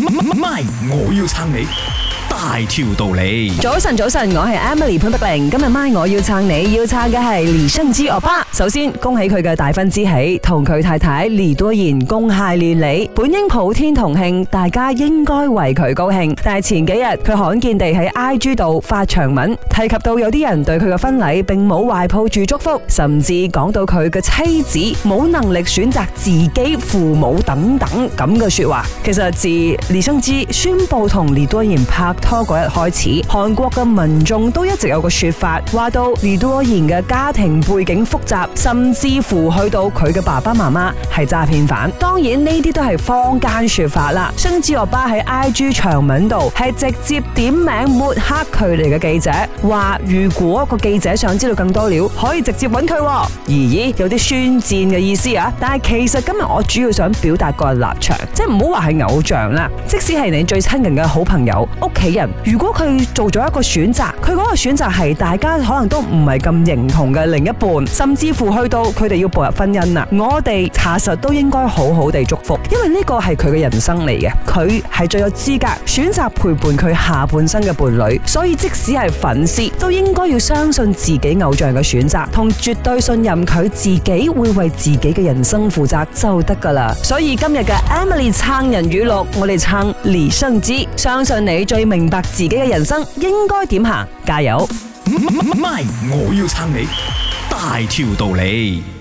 MY，我要撐你。大條道理，早晨早晨，我係 Emily 潘碧玲，今日 MY 我要撐你，要撐嘅係李昇基阿爸。首先恭喜佢嘅大婚之喜，同佢太太李多賢共諧連理，本應普天同慶，大家應該為佢高興。但係前幾日佢罕見地喺 I G 度發長文，提及到有啲人對佢嘅婚禮並冇懷抱住祝福，甚至講到佢嘅妻子冇能力選擇自己父母等等咁嘅說話。其實自李昇基宣布同李多賢拍初嗰日開始，韓國嘅民眾都一直有個説法，話到李多賢嘅家庭背景複雜，甚至乎去到佢嘅爸爸媽媽係詐騙犯。當然呢啲都係坊間説法啦。昇基歐巴喺 IG 長文度係直接點名抹黑佢哋嘅記者，話如果個記者想知道更多料，可以直接揾佢。咦咦，有啲宣戰嘅意思啊！但係其實今日我主要想表達個立場，即係唔好話係偶像啦，即使係你最親近嘅好朋友，屋企，如果佢做咗一個選擇，佢嗰個選擇係大家可能都唔係咁認同嘅另一半，甚至乎去到佢哋要步入婚姻啊，我哋查實都應該好好地祝福，因為呢個係佢嘅人生嚟嘅，佢係最有資格選擇陪伴佢下半生嘅伴侶，所以即使係粉絲都應該要相信自己偶像嘅選擇，同絕對信任佢自己會為自己嘅人生負責就得噶啦。所以今日嘅 Emily 撐人語錄，我哋撐李昇基，相信你最明。明白自己嘅人生應該點行，加油！唔係，我要撐你，大條道理。